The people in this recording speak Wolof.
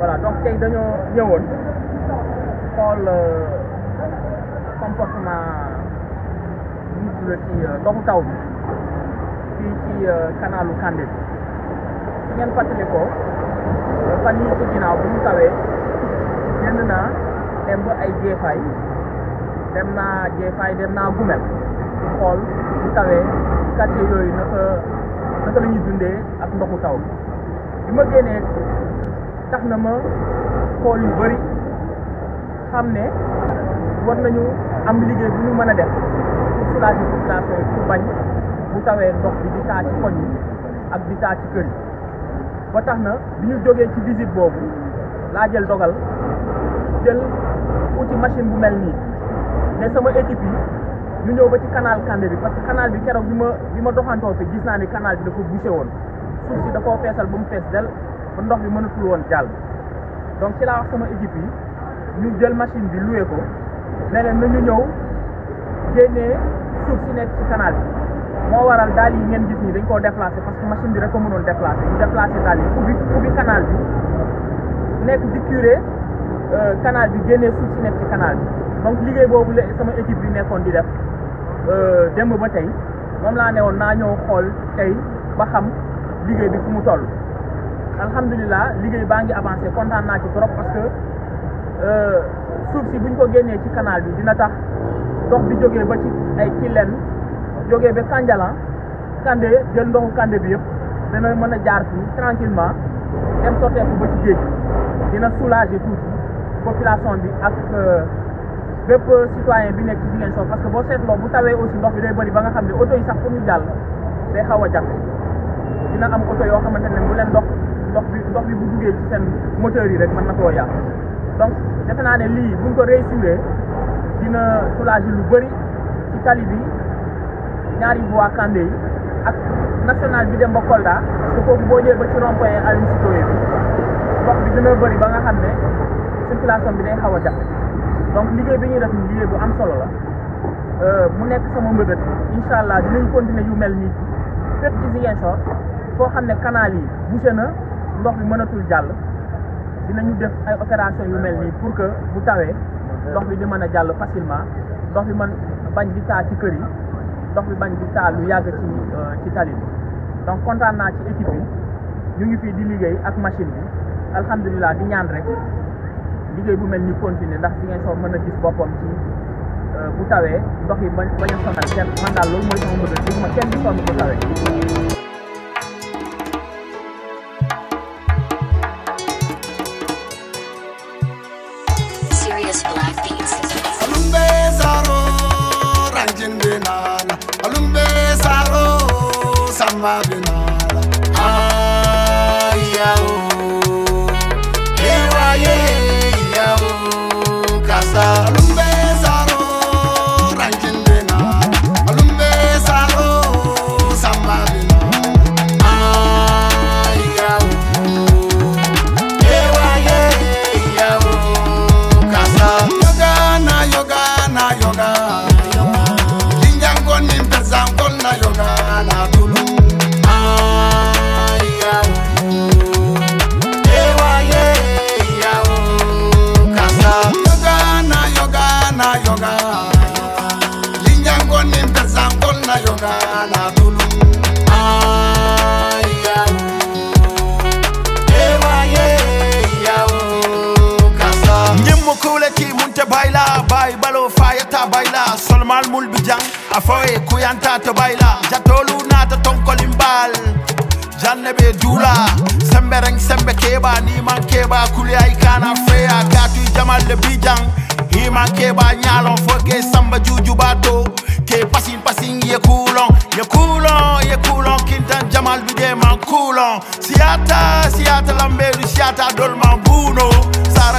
voilà donc tey dañoo ñëwoon xool euh, comportement ñu tuddee ci ndoxu euh, taw bi fii ci kanalu euh, Kandé bi su ngeen fan yii ci bu mu tawee génn naa dem ay jeefaay dem naa jeefaay dem naa Gumel xool bu tawee quartier yooyu naka naka la ñuy dundee ak ndoxu taw bi ma génnee tax na ma xool yu bëri xam ne war nañu am liggéey bu ñu mën a def pour soulager population bañ bu tawee ndox bi di taa ci koñ yi ak di taa ci kër yi ba tax na bi ñu jógee ci visite boobu laa jël dogal jël uti machine bu mel nii ne sama équipe yi ñu ñëw ba ci canal Kandé bi parce que bi keroog bi ma bi ma doxantoo fi gis naa ni canal bi dafa bouché woon suuf si da koo feesal ba mu fees del ba ndox bi mënatul woon jàll donc ci laa wax sama équipe yi ñu jël machine bi loué ko ne leen nañu ñëw génnee suuf si nekk ci canal bi moo waral daal yi ngeen gis ñi dañ koo déplacé parce que machine bi rek ko mënoon déplacé ñu déplacé daal yi ubbi ubbi canal bi nekk di curé euh, canal bi génne suuf si nekk ci canal bi donc liggéey boobu le sama équipe yi nekkoon di def euh, démb ba tey moom laa ne woon naa ñëw xool tey ba xam liggéey bi fu mu toll alhamdulilah liggéey baa ngi avancé kontaan naa ci trop parce que euh, suuf si buñ ko génnee ci canal bi dina tax ndox bi jógee ba ci ay ci Tilène jógee ba Kandialan Kandé jël ndoxu Kandé bi yëpp dana mën a jaar fii tranquillement dem sotteeku ba ci géej dina soulager tuuti population bi ak euh, bépp citoyen bi nekk ci Ziguinchor parce que boo seetloo bu tawee aussi ndox bi day bëri ba nga xam ne oto yi sax pour ñu jàll day xaw a jafe dina am oto yoo xamante ne bu leen ndox ndox bi ndox bi bu duggee ci seen moteurs yi rek man na koo yàq donc defe naa ne lii buñ ko réussiree dina soulager lu bari ci tali bi ñaari voies Kandé yi ak national bi dem ba Kolda parce que boo ñëwee ba ci rond-point Aline Sitoé bi ndox bi dina bëri ba nga xam ne circulation bi day xaw a jafe donc liggéey bi ñuy def nii liggéey bu am solo la euh, mu nekk sama mbëbët incha allah dinañ continuer yu mel nii fépp ci Ziguinchor foo xam ne canal yi bouché na. ndox mi mënatul jàll dinañu def ay opération yu mel nii pour que bu tawee ndox mi di mën a jàll facilement ndox mi mën bañ di taa ci kër yi ndox mi bañ di taa lu yàgg ci euh, ci tali bi donc kontaan naa ci équipe bi ñu ngi fii di liggéey ak machine bi alhamdulilah di ñaan rek liggéey bu mel ni continuer ndax di ngay soo mën a gis boppam ci euh, bu tawee ndox yi bañ bañ kenn man daal loolu mooy sama mbëgg gis ma kenn di sonn bu tawee I'm vibing. normal mulɓe jan a fawe kuyanta to bayla jatolu nata tonkolin mbal janne ɓe duula sembe ren sembe keɓa niman keɓa kuliyay samba jujuba to ke pasin pasin ye kuulon ye kuulon ye kuulon kintan jamal bide man kuulon siyata siyata lamberu siyata dolman buuno sara